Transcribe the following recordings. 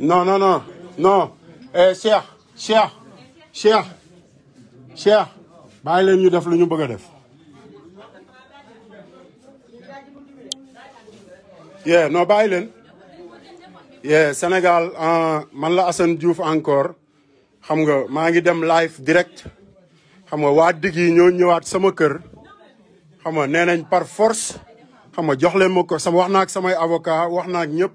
Non, non, non. Non. Eh, cher, cher, cher, cher. bàyyi leen ñu def lu ñu bëgg yeah non bàyyi leen. yeah Sénégal ah, man la Assane Diouf encore xam nga ma ngi dem live direct xam nga waa digi yi ñoo ñëwaat sama kër xam nga nee par force xam nga jox leen ma ko sama wax naa ak samay avocat wax naa ak ñëpp.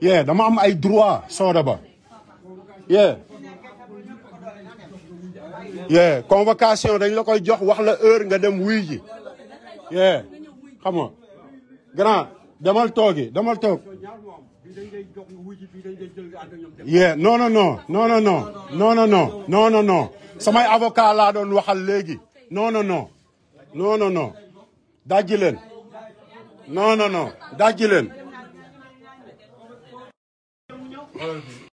yee dama am ay droit sooda ba yee yee convocation dañ la koy jox wax la heure nga dem wuy yee xam nga grand demal toogi demal toog yee non non non non non non non non non non waxal léegi non non non non non non dajji leen non non non leen Arby.